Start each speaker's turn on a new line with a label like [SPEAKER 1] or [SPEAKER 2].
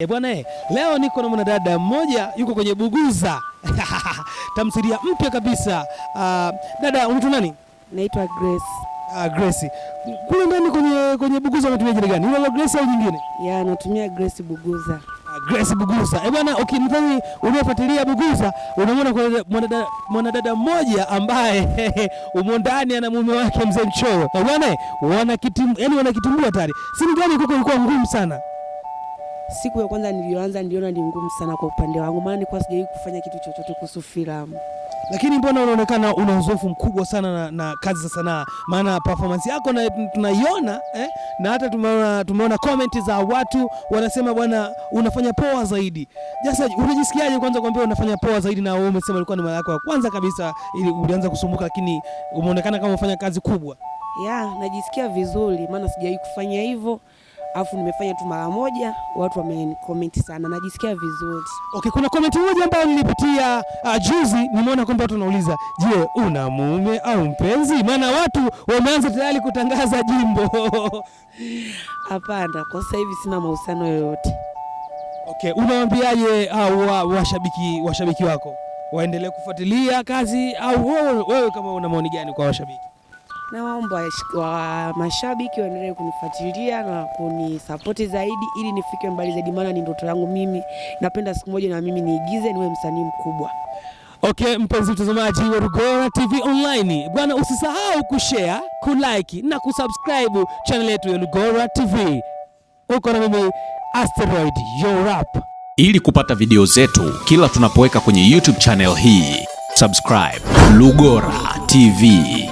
[SPEAKER 1] E bwana eh, leo niko na mwanadada mmoja yuko kwenye Buguza tamthilia mpya kabisa. Uh, dada unaitwa nani?
[SPEAKER 2] Naitwa Grace.
[SPEAKER 1] Uh, Grace. Kule ndani kwenye kwenye Buguza unatumia jina gani? Ile Grace au nyingine?
[SPEAKER 2] Ya, natumia Grace Buguza.
[SPEAKER 1] Uh, Grace Buguza. E bwana, ukimdhani unafuatilia Buguza unamwona mwanadada mwanadada mmoja ambaye umo ndani ana mume wake mzee Mchoro. E eh, bwana, wana kitim, yani wana kitimbua tayari. Simu gani kuko ilikuwa ngumu sana.
[SPEAKER 2] Siku ya kwanza niliyoanza niliona ni ngumu sana kwa upande wangu, maana nilikuwa sijawahi kufanya kitu chochote kuhusu filamu.
[SPEAKER 1] Lakini mbona unaonekana una uzoefu mkubwa sana na, na kazi za sanaa, maana performance yako tunaiona eh, na hata tumeona tumeona comment za watu wanasema bwana, unafanya poa zaidi. Sasa unajisikiaje kwanza kuambia unafanya poa zaidi, na wewe umesema ilikuwa ni mara yako ya kwanza kabisa ili ulianza kusumbuka, lakini umeonekana kama unafanya kazi kubwa?
[SPEAKER 2] Ya, najisikia vizuri maana sijawahi kufanya hivyo Alafu nimefanya tu mara moja, watu wamenicomment sana, najisikia vizuri.
[SPEAKER 1] Okay, kuna comment moja ambayo nilipitia uh, juzi, nimeona kwamba watu wanauliza, je, una mume au mpenzi? Maana watu wameanza tayari kutangaza jimbo.
[SPEAKER 2] Hapana, kwa sasa hivi sina mahusiano yoyote.
[SPEAKER 1] Okay, unawaambiaje uh, washabiki washabiki wako waendelee kufuatilia kazi au wewe kama una maoni gani kwa washabiki?
[SPEAKER 2] na waomba wa mashabiki waendelee kunifuatilia na kunisapoti zaidi ili nifike mbali zaidi, maana ni ndoto yangu mimi. Napenda siku moja na mimi niigize niwe msanii mkubwa.
[SPEAKER 1] Okay, mpenzi mtazamaji wa Rugora TV Online, bwana, usisahau kushare, kulike na kusubscribe channel yetu ya Rugora TV. Uko na mimi Asteroid Rap.
[SPEAKER 3] Ili kupata video zetu kila tunapoweka kwenye YouTube channel hii, subscribe Rugora TV.